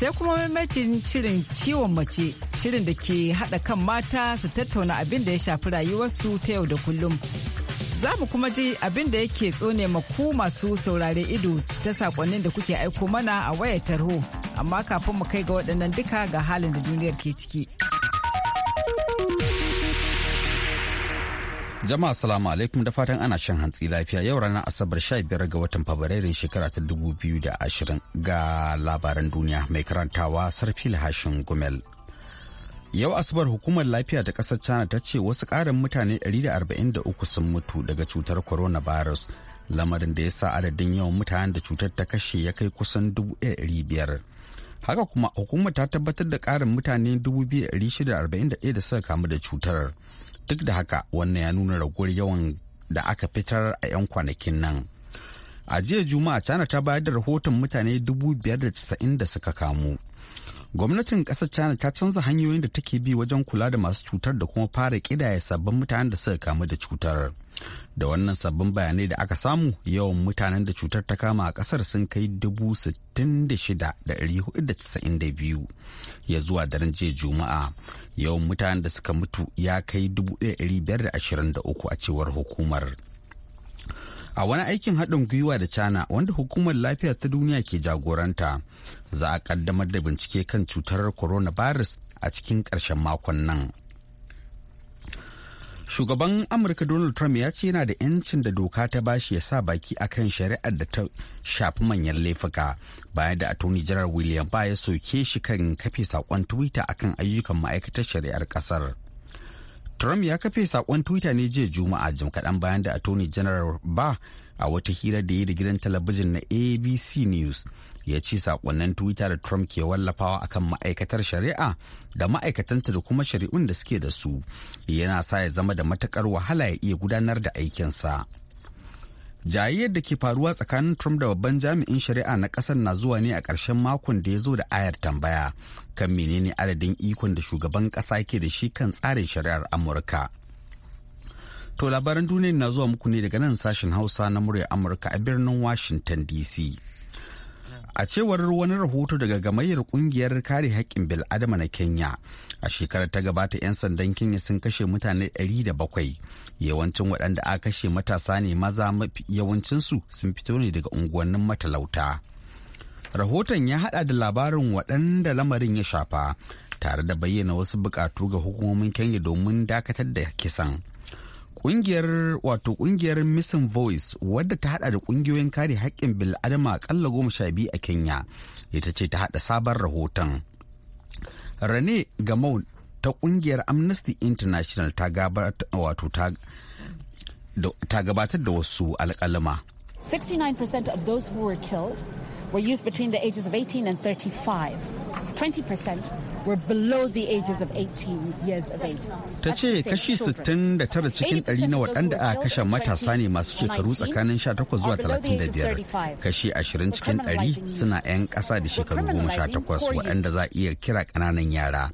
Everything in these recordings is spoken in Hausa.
sai kuma mamacin shirin ciwon mace shirin da ke haɗa kan mata su tattauna abin da ya shafi rayuwarsu ta yau da kullum za mu kuma ji abin da yake tsone maku masu saurare ido ta saƙonnin da kuke aiko mana a wayar tarho amma kafin mu kai ga waɗannan duka ga halin da duniyar ke ciki. Jama'a salamu alaikum da fatan ana shan hantsi lafiya yau ranar Asabar 15 ga watan Fabrairun shekara ta 2020 ga labaran duniya mai karantawa sarfi lahashin Gumel. Yau Asabar hukumar lafiya ta kasar China ta ce wasu ƙarin mutane 143 sun mutu daga cutar coronavirus lamarin da ya sa adadin yawan mutanen da cutar ta kashe ya kai kusan biyar haka kuma hukumar ta tabbatar da karin mutane 2,641 da suka kamu da cutar duk da haka wannan ya nuna raguwar yawan da aka fitar a 'yan kwanakin nan a jiya juma'a china ta bayar da rahoton mutane 590 da suka kamu gwamnatin kasar china ta canza hanyoyin da take bi wajen kula da masu cutar da kuma fara kidaya sabbin mutanen da suka kamu da cutar da wannan sabbin bayanai da aka samu yawan mutanen da cutar ta kama a kasar sun kai 66,492 ya zuwa daren jiya juma'a yawan mutanen da suka mutu ya kai 1,523 a cewar hukumar a wani aikin haɗin gwiwa da china wanda hukumar lafiya ta duniya ke jagoranta za a ƙaddamar da bincike kan cutar coronavirus a cikin ƙarshen makon nan shugaban amurka donald trump ya ce yana da 'yancin da doka ta bashi ya sa baki akan shari'ar da ta shafi manyan laifuka bayan da attorney general william ba ya soke shi kan kafe sakon twitter akan ayyukan ma'aikatar shari'ar ƙasar. trump ya kafe saƙon twitter ne jiya juma'a jim kaɗan bayan da attorney general ba a wata hira da ya da gidan talabijin na abc news ya ce sakonnin twitter da trump ke wallafawa akan ma'aikatar shari'a da ma'aikatanta da kuma shari'un da suke da su yana sa ya zama da matakar wahala ya iya gudanar da aikinsa jayayyar da ke faruwa tsakanin trump da babban jami'in shari'a na kasar na zuwa ne a ƙarshen makon da ya zo da ayar tambaya kan menene adadin ikon da shugaban ƙasa ke da shi kan tsarin shari'ar amurka to labaran duniya na zuwa muku ne daga nan sashen hausa na murya amurka a birnin washington dc a cewar wani rahoto daga gamayyar kungiyar kare haƙƙin bil'adama na kenya a shekarar ta gabata 'yan sandan kenya sun kashe mutane 700 yawancin waɗanda a kashe matasa ne maza mafi yawancinsu sun fito ne daga unguwannin matalauta rahoton ya hada da labarin waɗanda lamarin ya shafa tare da bayyana wasu buƙatu ga hukumomin kenya domin dakatar da kisan Kungiyar wato kungiyar Missing Voice wadda ta hada da kungiyoyin kare haƙƙin bil'adama akalla goma sha biyu a Kenya ita ce ta hada sabon rahoton. Rane Gamau ta kungiyar Amnesty International ta gabatar da wasu alƙalama. 69% of those who were killed were youth between the ages of 18 and 35. 20% Ta ce kashi 69 cikin 100 na waɗanda a kashe matasa ne masu shekaru tsakanin 18 zuwa 35. Kashi 20 cikin 100 suna 'yan ƙasa da shekaru 18 waɗanda za a iya kira ƙananan yara.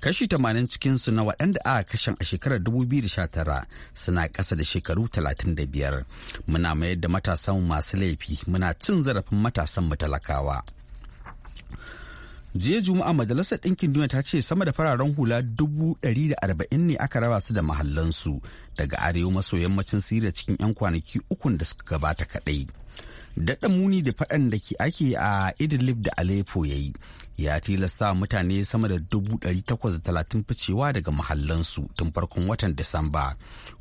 Kashi 80 cikinsu na waɗanda a kashen a shekarar 2019 suna ƙasa da shekaru 35. Muna mayar da matasan masu laifi muna cin zarafin matasan mu jiya juma'a majalisar ɗinkin duniya ta ce sama da fararen hula dubu ɗari da arba'in ne aka raba su da mahallansu daga arewa maso yammacin siriya cikin 'yan kwanaki ukun da suka gabata kaɗai daɗa muni da faɗan da ke ake a idlib da aleppo ya yi ya tilasta mutane sama da dubu ɗari takwas da talatin ficewa daga mahallansu tun farkon watan disamba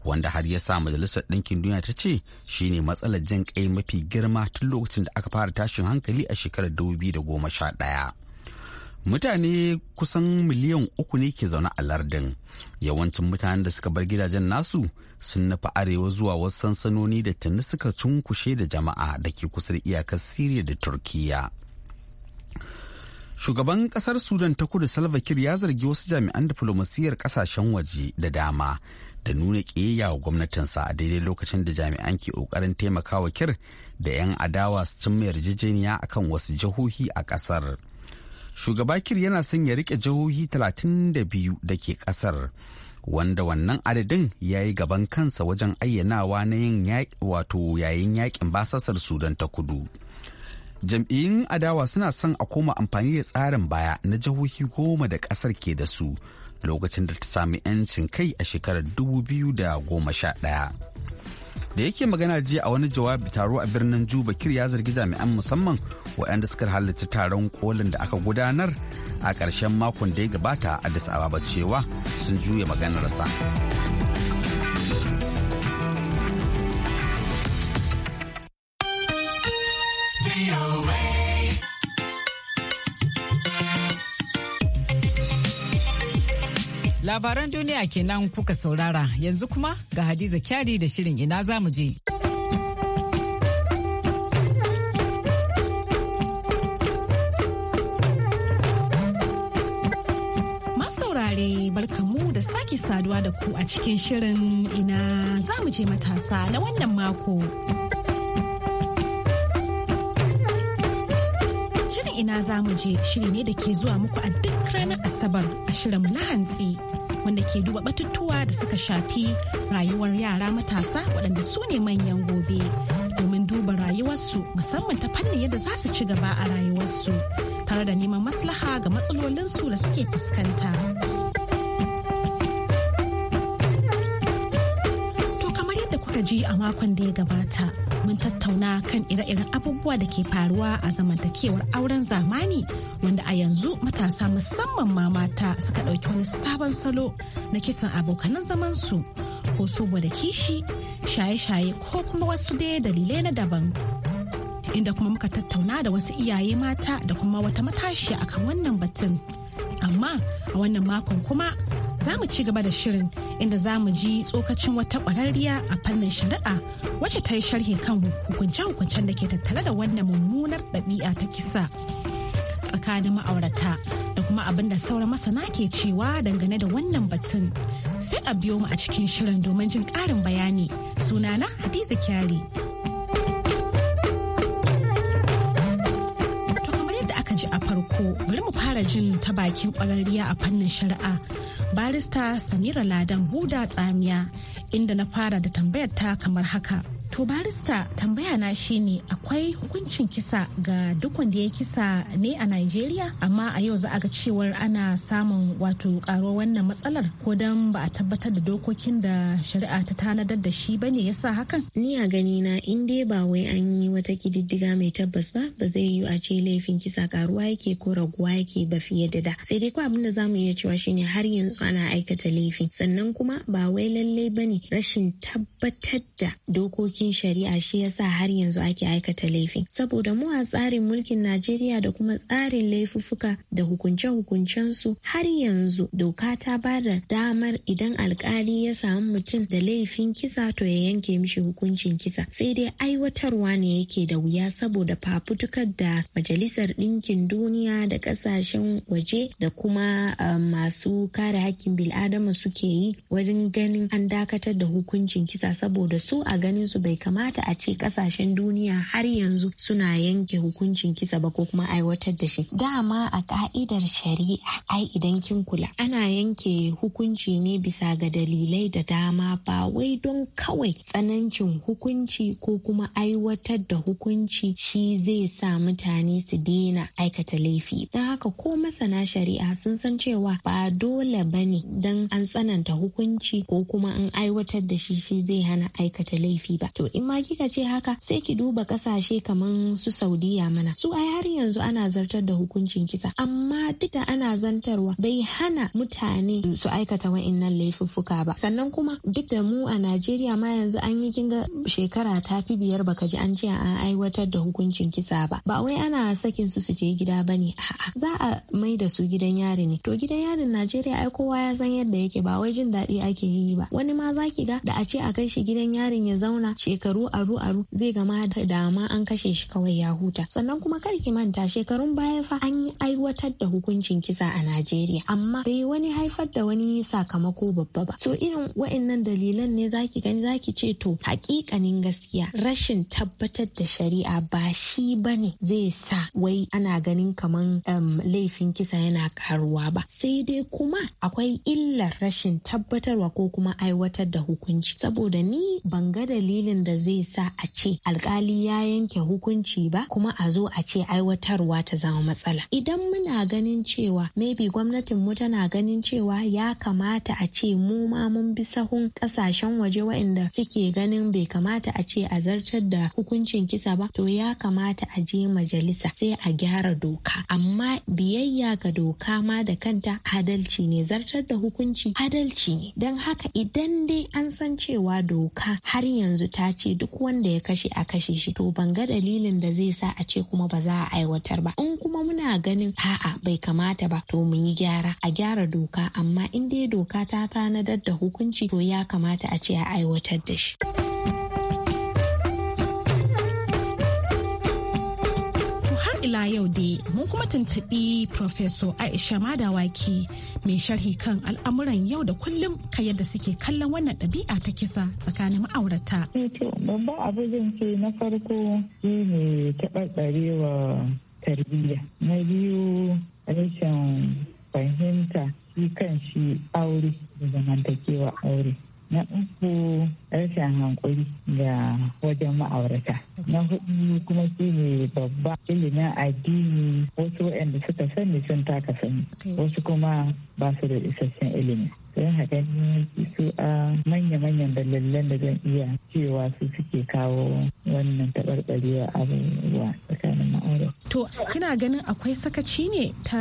wanda har ya sa majalisar ɗinkin duniya ta ce shine matsalar jin kai mafi girma tun lokacin da aka fara tashin hankali a shekarar da goma sha ɗaya. mutane kusan miliyan uku ne ke zaune a lardin yawancin mutanen da suka bar gidajen nasu sun nufa arewa zuwa wasu sansanoni da tuni suka cunkushe da jama'a da ke kusa iyakar siriya da turkiya shugaban kasar sudan ta kudu salva kiir ya zargi wasu jami'an diflomasiyyar kasashen waje da dama da nuna ƙiyayya wa gwamnatinsa a daidai lokacin da jami'an ke ƙoƙarin taimakawa kir da 'yan adawa su cimma yarjejeniya akan wasu jihohi a ƙasar shugaba kir yana son ya rike jihohi 32 da ke kasar wanda wannan adadin ya yi gaban kansa wajen ayyanawa na yin wato yayin yakin basasar sudan ta kudu jam'iyyun adawa suna son a koma amfani da tsarin baya na jihohi goma da kasar ke da su lokacin da ta sami 'yancin kai a shekarar 2011 da yake magana jiya a wani jawabi taro a birnin juba kir ya zargi jami'an musamman waɗanda suka halarci taron kolin da aka gudanar a ƙarshen makon da ya gabata a addis ababa cewa sun juya maganarsa Labaran duniya kenan kuka saurara yanzu kuma ga Hadiza Kyari da shirin ina za mu je. Masaurare barkamu da sake saduwa da ku a cikin shirin ina za mu je matasa na wannan mako. ina za mu je shiri ne da ke zuwa muku a duk ranar Asabar a shirin na hantsi wanda ke duba batutuwa da suka shafi rayuwar yara matasa waɗanda su ne manyan gobe domin duba rayuwarsu musamman ta fanni yadda za su ci gaba a rayuwarsu tare da neman maslaha ga matsalolinsu da suke fuskanta. To kamar yadda kuka ji a makon da ya gabata. mun tattauna kan ire-iren abubuwa da ke faruwa a zamantakewar auren zamani wanda a yanzu matasa musamman ma mata suka ɗauki wani sabon salo na kisan abokanan zamansu ko saboda kishi shaye-shaye ko kuma wasu dai dalilai na daban. inda kuma muka tattauna da wasu iyaye mata da kuma wata matashi akan wannan batun. Amma a wannan makon kuma za mu ci gaba da shirin inda za mu ji tsokacin wata ƙwararriya a fannin shari'a wacce ta yi sharhi kan hukunce-hukuncen da ke tattare da wannan mummunar ɗabi'a ta kisa tsakanin ma'aurata da kuma abin da sauran masana ke cewa dangane da wannan batun sai a biyo mu a cikin shirin domin jin ƙarin bayani sunana hadiza kyari. bari mu fara jin ta bakin kwararriya a fannin shari'a barista samira ladan buda tsamiya inda na fara da tambayar ta kamar haka To barista tambaya na shine akwai hukuncin kisa ga duk wanda ya kisa ne a Najeriya amma a yau za a ga cewar ana samun wato karo wannan matsalar ko dan ba a tabbatar da dokokin da shari'a ta tanadar da shi bane yasa hakan. Ni a gani na in dai ba wai an yi wata kididdiga mai tabbas ba ba zai yi a ce laifin kisa karuwa yake ko raguwa yake ba fiye da da. Sai dai ko abin da zamu iya cewa shine har yanzu ana aikata laifin sannan kuma ba wai lallai bane rashin tabbatar da dokokin yin shari'a shi yasa har yanzu ake aikata laifin saboda mu a tsarin mulkin Najeriya da kuma tsarin laifuffuka da hukunce-hukuncen su har yanzu doka ta ba da damar idan alkali ya samu mutum da laifin kisa to ya yanke mishi hukuncin kisa sai dai aiwatarwa ne yake da wuya saboda fafutukar da majalisar ɗinkin duniya da ƙasashen waje da kuma um, masu kare hakkin bil'adama suke yi wurin ganin an dakatar da hukuncin kisa saboda su a ganin su bai kamata a ce kasashen duniya har yanzu suna yanke hukuncin kisa ba ko kuma aiwatar da shi dama a ka'idar shari'a ai idan kin kula ana yanke hukunci ne bisa ga dalilai da dama ba wai don kawai tsanancin hukunci ko kuma aiwatar da hukunci shi zai sa mutane su daina aikata laifi don haka ko masana shari'a sun san cewa ba dole ba ne don an tsananta hukunci ko kuma an aiwatar da shi shi zai hana aikata laifi ba to in ma kika ce haka sai ki duba kasashe kaman su saudiya mana su ai har yanzu ana zartar da hukuncin kisa amma duk da ana zantarwa bai hana mutane su aikata wa'innan laifuffuka ba sannan kuma duk da mu a najeriya ma yanzu an yi kinga shekara ta fi biyar baka ji an ce an aiwatar da hukuncin kisa ba ba wai ana sakin su su je gida ba ne a'a za a mai da su gidan yari ne to gidan yarin najeriya ai kowa ya san yadda yake ba wai jin daɗi ake yi ba wani ma zaki ga da a ce a kai shi gidan yarin ya zauna shekaru aru aru zai gama da dama an kashe shi kawai ya huta sannan kuma kar ki manta shekarun baya fa an yi aiwatar da hukuncin kisa a Najeriya amma bai wani haifar da wani sakamako babba ba so irin wa'annan dalilan ne zaki gani zaki ce to hakikanin gaskiya rashin tabbatar da shari'a ba shi bane zai sa wai ana ganin kaman um, laifin kisa yana karuwa ba sai dai kuma akwai illar rashin tabbatarwa ko kuma aiwatar da hukunci saboda ni ban ga dalilin abin da zai sa a ce alkali ya yanke hukunci ba kuma a zo a ce aiwatarwa ta zama matsala idan muna ganin cewa maybe gwamnatin mu tana ganin cewa ya kamata a ce mu ma mun bi sahun kasashen waje waɗanda suke ganin bai kamata a ce a zartar da hukuncin kisa ba to ya kamata a je majalisa sai a gyara doka amma biyayya ga doka ma da kanta adalci ne zartar da hukunci adalci ne don haka idan dai an san cewa doka har yanzu ta ce duk wanda ya kashe a kashe shi to ban ga dalilin da zai sa a ce kuma ba za a aiwatar ba in kuma muna ganin a'a bai kamata ba to mun yi gyara a gyara doka amma in dai doka ta tanadar da hukunci to ya kamata a ce a aiwatar da shi. har ila yau dai mun kuma tuntubi Professor Aisha Madawaki mai sharhi kan al'amuran yau da kullum ka yadda suke kallon wannan ɗabi'a ta kisa tsakanin ma'aurata. Eh babban abu zan ce na farko shi ne taɓarɓarewa tarbiyya. Na biyu rashin fahimta shi kan shi aure da zamantakewa aure. Na uku rashin hankuri ga wajen ma'aurata. na hudu kuma shi ne babba ilimin addini wasu waɗanda suka sani sun taka sani wasu kuma ba su da isasshen ilimi sai haka ne su a manya-manyan dalilan da zan iya cewa su suke kawo wannan taɓarɓarewa abubuwa tsakanin ma'aure. To, kina ganin akwai sakaci ne ta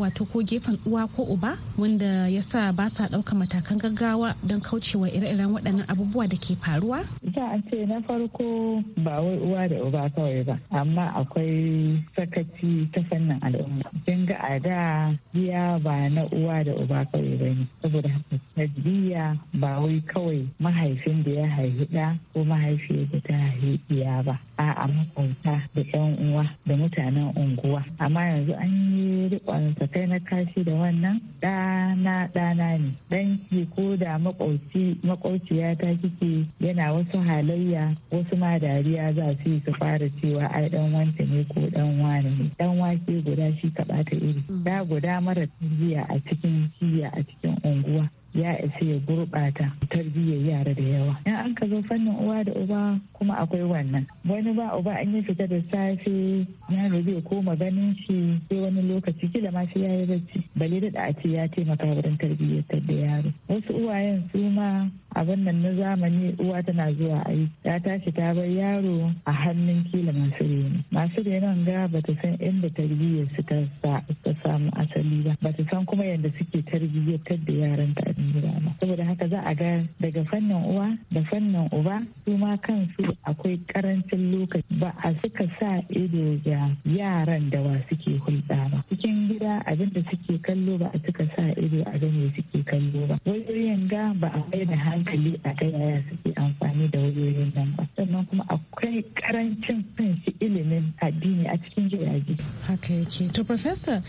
wato ko gefen uwa ko uba wanda ya sa ba sa ɗaukar matakan gaggawa don kaucewa ire-iren waɗannan abubuwa da ke faruwa? Da a ce na farko ba wai uwa da uba kawai ba amma akwai sakaci ta fannin al'umma kin ga a da biya ba na uwa da uba kawai ba ne saboda haka ba wai kawai mahaifin da ya haifi da ko mahaifiyar da ta haifi ɗiya ba a'a makwabta da yan uwa da mutanen unguwa amma yanzu an yi rikon sakai na kashi da wannan dana ɗana ne ki ko da makwauci makwauciya ta kike yana wasu halayya wasu ma dariya ya za su yi su fara cewa ai dan wanta ne ko dan wani ne dan wake guda shi ka bata iri mm. da guda mara tarbiyya a cikin jiya a cikin unguwa ya isa ya gurɓata tarbiyyar yara da yawa in an ka zo fannin uwa da uba kuma akwai wannan wani ba uba an yi fita da safe yaro zai koma ganin shi sai wani lokaci kila ma ya yayi bacci bale da a ce ya taimaka wurin tarbiyyar da yaro wasu uwayen su ma a nan na zamani uwa tana zuwa aiki ya tashi ta bar yaro a hannun kila masu reni masu renon ga ba ta san inda tarbiyyar su ta samu asali ba ba ta san kuma yadda suke tarbiyyar da yaran ta a gida ba saboda haka za a ga daga fannin uwa da fannin uba su ma kansu akwai karancin lokaci ba a suka sa ido ga yaran da wa suke hulɗa ba cikin gida abin da suke kallo ba a suka sa ido a gane suke kallo ba wayoyin ga ba a mai da hankali hankali a ta yaya suke amfani da wayoyin nan sannan kuma akwai karancin kan shi ilimin addini a cikin jirage. Haka yake. To Professor,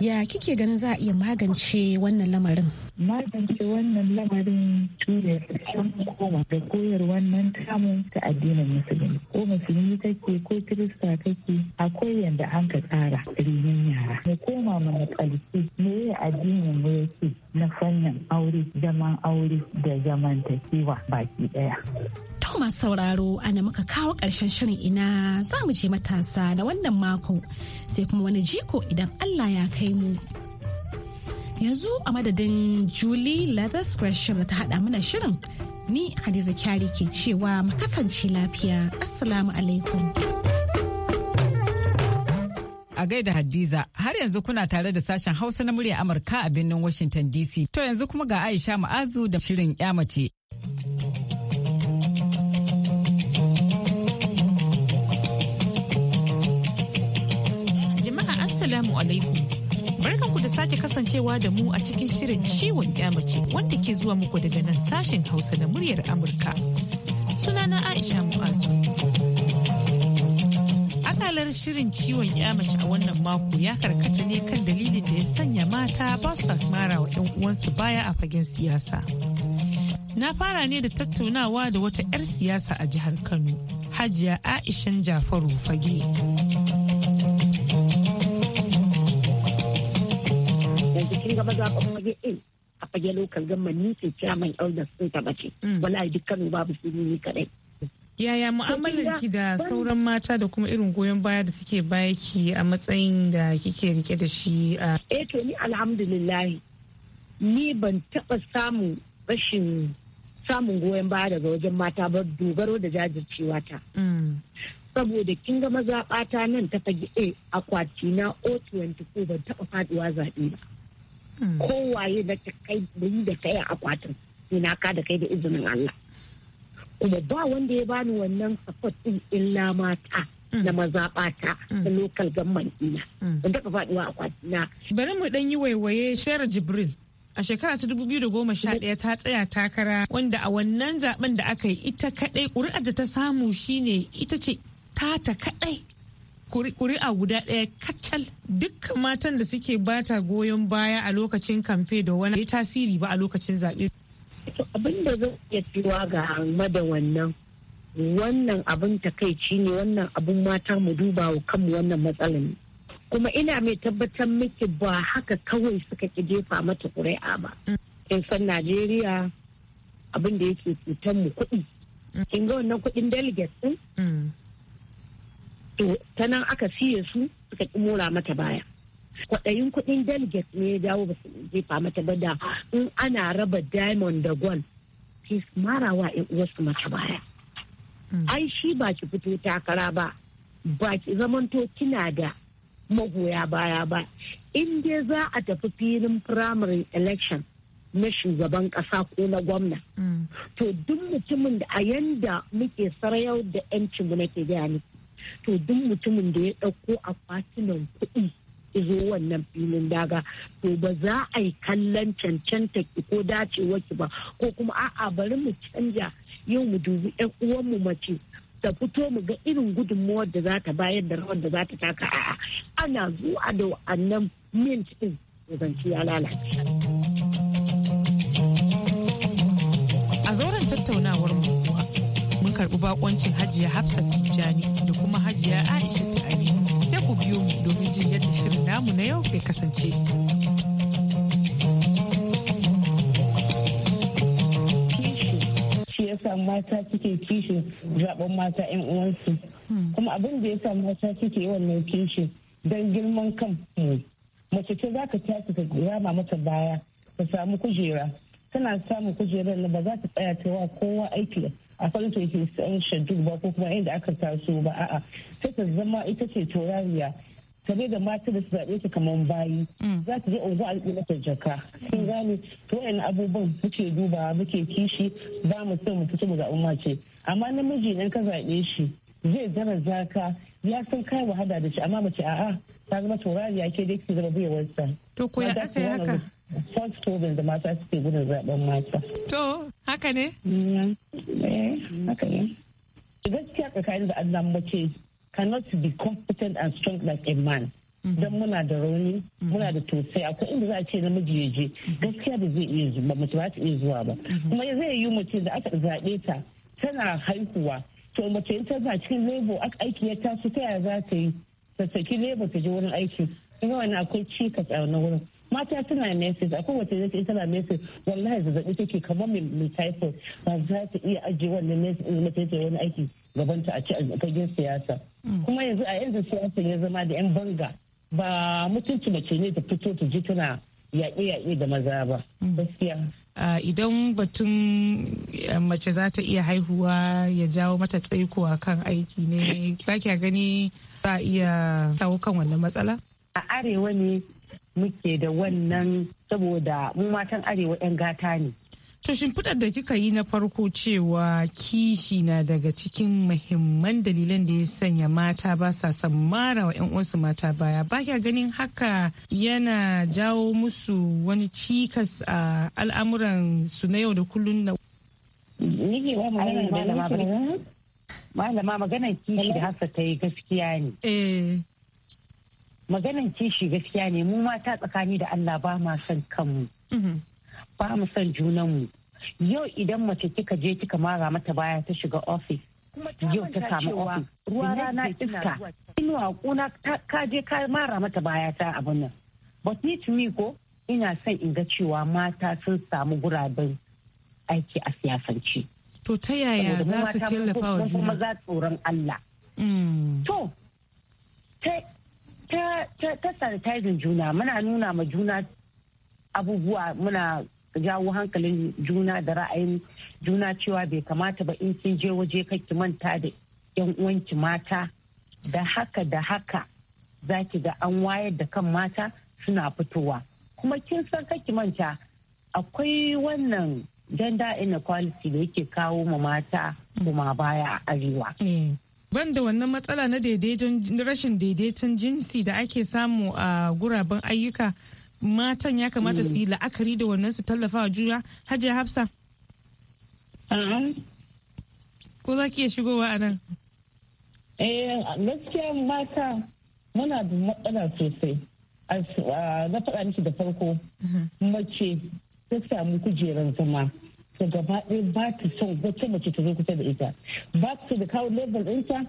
ya kike ganin za a iya magance wannan lamarin? Magance wannan lamarin tura sassan koma da koyar wannan tamu ta addinin musulmi. Ko musulmi kake ko kirista kake, akwai yanda an ka tsara rinin yara. Mu koma mu matsalci me addinin mu yake na fannin zaman aure da zamantakewa baki daya. To sauraro ana muka kawo ƙarshen shirin ina za mu je matasa na wannan mako sai kuma wani jiko idan Allah ya kai mu. Yanzu a madadin Julie Leather Gresham da ta haɗa mana shirin ni Hadiza Kyari ke cewa mu kasance lafiya. Assalamu alaikum. a gaida Hadiza har yanzu kuna tare da sashen Hausa na murya Amurka a birnin Washington DC. To yanzu kuma ga Aisha Ma'azu da shirin mace. Jama'a Assalamu alaikum. Barkanku da sake kasancewa da mu a cikin shirin ciwon mace wanda ke zuwa muku daga nan sashen Hausa na muryar Amurka. Sunana Aisha ma'azu. matsalar shirin ciwon mace a wannan mako ya karkata ne kan dalilin da ya sanya mata ba su mara wa 'yan uwansu baya a fagen siyasa. Na fara ne da tattaunawa da wata 'yar siyasa a jihar Kano, Hajiya Aishan Jafaru Fage. fage a fage lokal gamman ni ciyaman elders sun ta ce mm. Wallahi duk Kano babu su ni kadai. Yaya mu'amalar ki da sauran mata da kuma irin goyon baya da suke baki a matsayin da kike rike da shi a? Eh, to ni alhamdulillahi ni ban taɓa samun rashin samun goyon baya daga wajen mata ba dogaro da jajircewa ta. Mm. Saboda kin ga maza ɓata nan ta fage a eh, akwati na O24 ban taɓa faduwa zaɓe ba. Mm. Kowaye na kai da kai a akwatin ina ka da kai da izinin Allah. kuma ba wanda ya bani wannan support din illa mata na mm. mazaɓata da mm. local government ina in mm. daga faɗuwa a kwatina. Bari mu ɗan yi waiwaye Shara Jibril. A shekara ta 2011 ta tsaya takara wanda a wannan zaben da aka yi ita kaɗai ƙuri'ar da ta samu shine ita ce tata kaɗai kuri'a guda ɗaya kacal dukkan matan da suke bata goyon baya a lokacin kamfe da wani tasiri ba a lokacin zaɓe to abin da zan iya cewa ga amma da wannan wannan abin takaici ne wannan abin mata mu duba wa kanmu wannan matsalin kuma ina mai tabbatar miki ba haka kawai suka ki jefa mata ƙuri'a ba in san najeriya abin da yake cutar mu kuɗi In ga wannan kuɗin delegates din mm. to ta nan aka siye su suka ki mora mata baya kwaɗayin kuɗin delegates ne ya dawo ba su jefa mata ba da in ana raba diamond da gold sai su marawa yan uwarsu mata baya hmm. ai shi ba ki fito takara ba ba ki zamanto kina da magoya baya ba in dai za a tafi filin primary election na shugaban kasa ko na gwamna hmm. to duk mutumin da a yanda muke sarayau da yancinmu nake gaya to duk mutumin da ya ɗauko akwatunan kuɗi zo wannan filin daga to ba za a yi kallon cancanta ki ko dacewa ki ba ko kuma a'a bari mu canja yau mu dubi yan mu mace ta fito mu ga irin gudunmawar da za ta bayar da rawar da za ta taka a'a ana zuwa da wannan mint din zance ya lalace. A zauren tattaunawar mu mun karɓi bakoncin hajiya hafsat tijjani da kuma hajiya aisha ta aminu sai ku biyo mu domin jin yadda shirin namu na yau ya kasance mata suke kishin zaben mata 'yan uwansu hmm. kuma abin da ya sa mata suke wannan kishin don girman kan mace ce za ka tashi ka rama mata baya ka samu kujera tana samun kujerar na ba za ta tsaya ta wa kowa aiki a farko ke own shaddu ba ko kuma inda aka taso ba a'a sai ta zama ita ce taurariya tare da mata da su zaɓe su kamar bayi mm. za ta je unguwa a ɗin jaka sun gane to wa'in abubuwan muke duba muke kishi ba mu son mu fito mu zaɓi mace amma namiji idan ka zaɓe shi zai zama zaka ya san kai wahala da shi amma mace a'a ta zama taurariya ke dai ki zama buyewarsa. to ko ya aka yi haka first problems da mata suke gudun zaben mata. To, haka ne? Mm, eh, haka ne. Gaskiya tsakanin da Allah mace cannot be competent and strong like a man. Mhm. Don muna da rauni, mhm. muna da tosai, akwai inda za a ce namiji ya je, mhm. gaskiya da zai iya zuwa, mace ba ta iya zuwa ba. Kuma zai yi mace da aka zaɓe ta tana haihuwa, to mace in ta cikin lebo aiki ya taso ta yaya za ta yi, ta saki lebo ta je wurin aiki. Ina wani akwai cikas a wani wurin. mata suna menses akwai wata zai tana menses wallahi zazzabi take kamar mai typhoid ba za ta iya ajiye wannan menses ina mace ta wani aiki gaban ta a ci a fagen siyasa mm. kuma yanzu a yanzu siyasa ya zama da yan banga ba mutunci mace ne ta fito ta ji tana yaƙe-yaƙe da maza ba mm. gaskiya idan batun eh, mace za ta iya haihuwa ya jawo mata tsaiko a kan aiki ne ba kya gani za a iya kawo kan wannan matsala a arewa ne muke da wannan saboda mu matan arewa 'yan gata ne. To shimfiɗar da kika yi na farko cewa kishi na daga cikin muhimman dalilan da ya sanya mata ba sa son mara wa 'yan uwansu mata baya ba kya ganin haka yana jawo musu wani cikas a al'amuran su na yau da kullun da malama maganar kishi da hasa ta yi gaskiya ne eh maganan kishi gaskiya ne mu mata tsakani da Allah ba ma son kanmu mhm. ba mu son junanmu yau idan mace kika je kika mara mata baya ta shiga ofis yau ta samu ofis ruwa rana iska inuwa kuna ka je ka mara mata baya ta abin nan but ni to me ko ina son in ga cewa mata sun samu guraben aiki a siyasance to ta yaya za su tallafa wa juna tsoron Allah mm. to ta sanitizing juna muna nuna ma juna abubuwa muna jawo hankalin juna da ra'ayin juna cewa bai kamata ba in kin je waje kaki manta da yan uwanki mata da haka da haka za ki ga an wayar da kan mata suna fitowa kuma kin san kaki manta akwai wannan gender inequality da yake kawo ma mata kuma baya a arewa eh. ban da wannan matsala na rashin daidaiton jinsi da ake samu a guraben ayyuka matan ya kamata su yi hmm. la'akari da wannan su tallafa wa juna hajiya hafsa ko za ki iya shigowa a nan eh, gaskiya mata muna da matsala sosai ah, na faɗa miki da farko mm-hmm. mace ta samu kujerar zama ta gaba ɗaya ba ta son wacce mace ta zo kusa da ita ba ta da kawo level ɗinta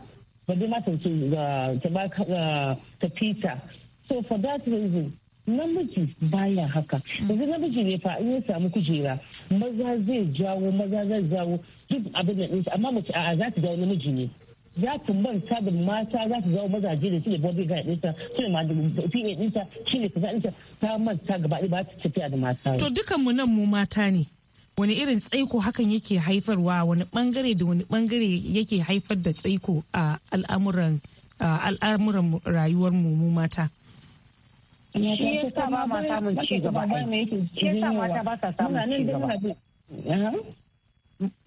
ba dai ma ta ta ba ta fita so for that reason namiji baya haka yanzu namiji ne fa in ya samu kujera maza zai jawo maza zai jawo duk abin da ɗinsa amma mace a'a za ta jawo namiji ne za ta manta da mata za ta jawo mazaje da shine bobby ga ɗinsa shine ma da shi ɗinsa shine kaza ɗinsa ta manta gaba ɗaya ba ta tafiya da mata to dukanmu nan mu mata ne wani irin tsaiko hakan yake haifarwa wani bangare da wani bangare yake haifar da tsaiko a al'amuran al'amuran rayuwar mu mata shi yasa ba ma samun ci gaba shi yasa mata ba sa samun ci gaba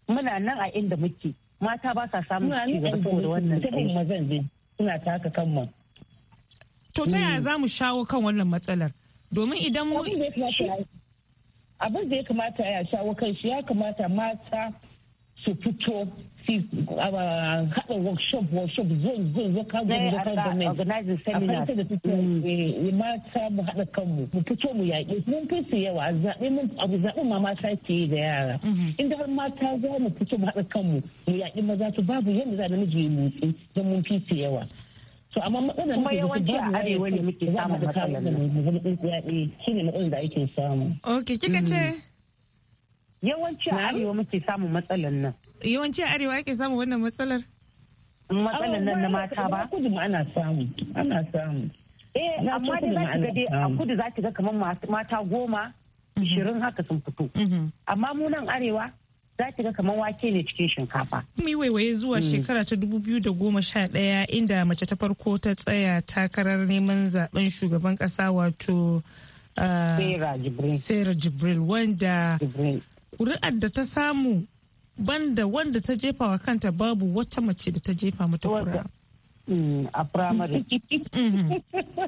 muna nan a inda muke mata ba sa samun ci gaba saboda wannan tsaiko mazan je suna taka kan mu to ta yaya hmm. za mu shawo kan wannan matsalar domin idan mu abin da ya kamata ya shawo kan shi ya kamata mata su fito ah, haɗa workshop workshop zone da fito government mm. eh, mata mu haɗa kanmu mu fito mu yaƙi mun fi su yawa zaɓe mun abu zaɓe ma mata ke yi da yara mm-hmm. inda har mata za mu fito mu haɗa kanmu mu yaƙi maza su babu yadda za namiji ya mutsi don mun fi su yawa to amma matsalar kuma yawanci a arewa ne muke samun matsalar nan zama tsintsiya eh, matsalar da ake samu okay kika ce mm. yawanci a arewa muke samun matsalar nan yawanci a arewa ake samun wannan matsalar matsalar nan na mata ba kudu ma ana samu ana samu eh amma dai za ki ga dai a kudu za ki ga kamar mata goma ishirin mhm. haka sun fito mhm. amma mu nan arewa za ta ga kamar wake ne cikin shinkafa. Mun waiwaye zuwa hmm. shekara ta dubu biyu da goma sha ɗaya inda mace ta farko ta tsaya takarar neman zaben shugaban kasa wato uh, Sarah Jibril wanda ƙuri'ar da ta samu banda wanda ta jefa wa kanta babu wata mace da ta jefa mata ƙuri'a. Hmm, a firamare. Mm-hmm.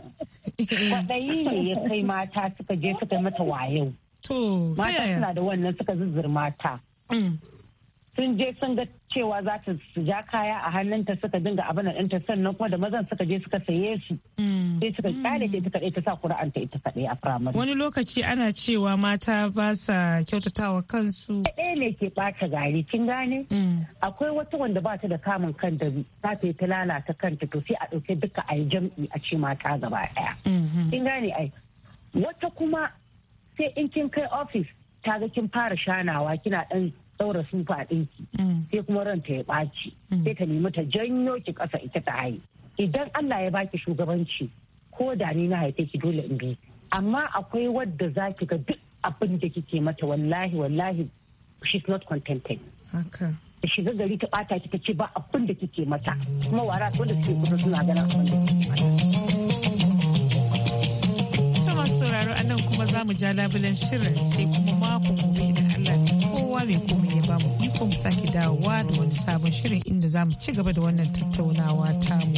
Kwaɗayi ne ya kai mata suka je suka mata wayau. To, mata suna da wannan suka zuzzur mata. Mm. sun je sun ga cewa za ta ja kaya a hannunta suka dinga abin ɗinta sannan kuma da mazan suka je suka saye su mm. sai suka kyale ta ita kaɗai ta sa kura'anta ita kaɗai a firamare. wani lokaci ana cewa mata ba sa kyautatawa kansu ɗaya ne ke ɓata gari kin gane mm. akwai wata wanda ba ta da kamun kan da za ta yi ta lalata kanta to sai a ɗauke duka a yi jam'i a ce mata gaba ɗaya mm-hmm. kin gane ai wata kuma sai in kin kai ofis ta ga kin fara shanawa kina dan daura sufa ki mm. sai kuma ranta ya ɓaci mm. sai ta nemi ta janyo ki kasa ita ta haye idan Allah ya baki shugabanci ko da ni na haife ki dole in bi amma akwai wadda za ki ga duk abin da kike mata wallahi wallahi she's not contented ta shiga gari ta bata ki ta ce ba abin da kike mata kuma wara wanda da suke kusa suna ganin abin da kike mata masu sauraro a kuma za mu ja labulen shirin sai kuma mako gobe da Allah kowa mai komai ya bamu iko mu sake dawowa da wani sabon shirin inda za mu ci gaba da wannan tattaunawa tamu.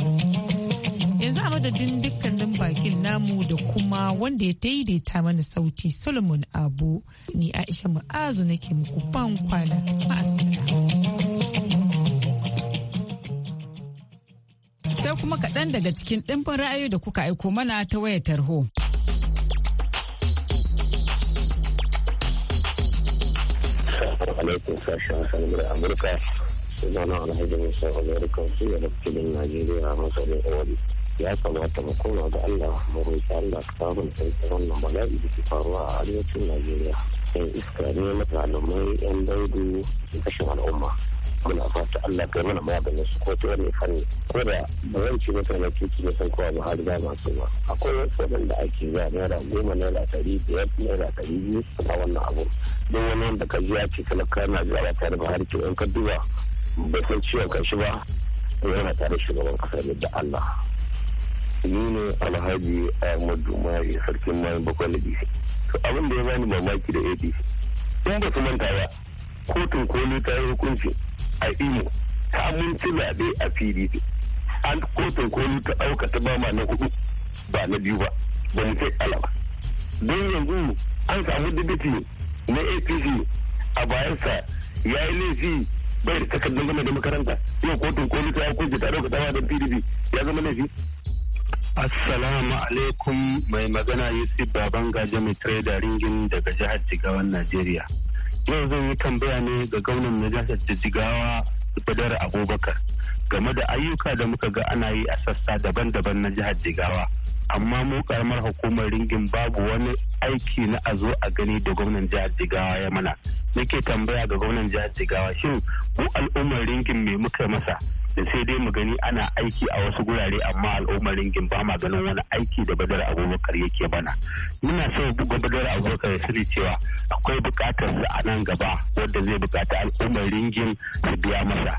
Yanzu a madadin dukkanin bakin namu da kuma wanda ya daidaita mana sauti Solomon Abu ni Aisha Ma'azu nake muku ban kwana sai kuma kaɗan daga cikin ɗimbin ra'ayoyi da kuka aiko mana ta wayar tarho. alaikum sashen hassan mura amurka sunana alhaji musa alaikum su da lakcinin najeriya a masarin awali ya kamata mu koma ga Allah mu roƙi Allah ka samu sauƙi wannan bala'i da ke faruwa a arewacin Najeriya sai iska ne matalumai yan daudu da kashin al'umma muna fata Allah kai mana maganin su ko ta wani fanni ko da ba zan ci mutane kirki na san kowa ba har za masu ba akwai wasu waɗanda ake za naira goma naira ɗari biyar naira ɗari biyu a wannan abu don wani wanda ka ji ya ce talaka na zuwa ba tare da har ke in ka duba bai san ciwon kashi ba yana tare shugaban kasar da Allah ni ne alhaji ahmadu mai sarkin mayan bakwai labi abin da ya bani mamaki da apc in ba su manta ba kotun koli ta yi hukunci a imo ta aminci zaɓe a pdp an kotun koli ta ɗauka ta ba ma na hudu ba na biyu ba ba mu sai alama don yanzu an samu dubiti na apc a bayansa ya yi laifi bai da takardar zama da makaranta yau kotun koli ta hukunci ta ɗauka ta ba da pdp ya zama laifi Assalamu alaikum mai magana Yusuf Baban Gaje mai trader ringin daga jihar Jigawa Najeriya. Yau zan yi tambaya ne ga gwamnan na jihar Jigawa Badar Abubakar game da ayyuka da muka ga ana yi a sassa daban-daban na jihar Jigawa. Amma mu karamar hukumar ringin babu wani aiki na a zo a gani da gwamnan jihar Jigawa ya mana. Nake tambaya ga gwamnan jihar Jigawa shin mu al'ummar ringin me muka masa? da sai dai mu gani ana aiki a wasu gurare amma al'ummar ringin ba ma ganin wani aiki da badar abubakar yake bana muna so badar abubakar ya sani cewa akwai bukatar a nan gaba wadda zai bukata al'ummar ringin su biya masa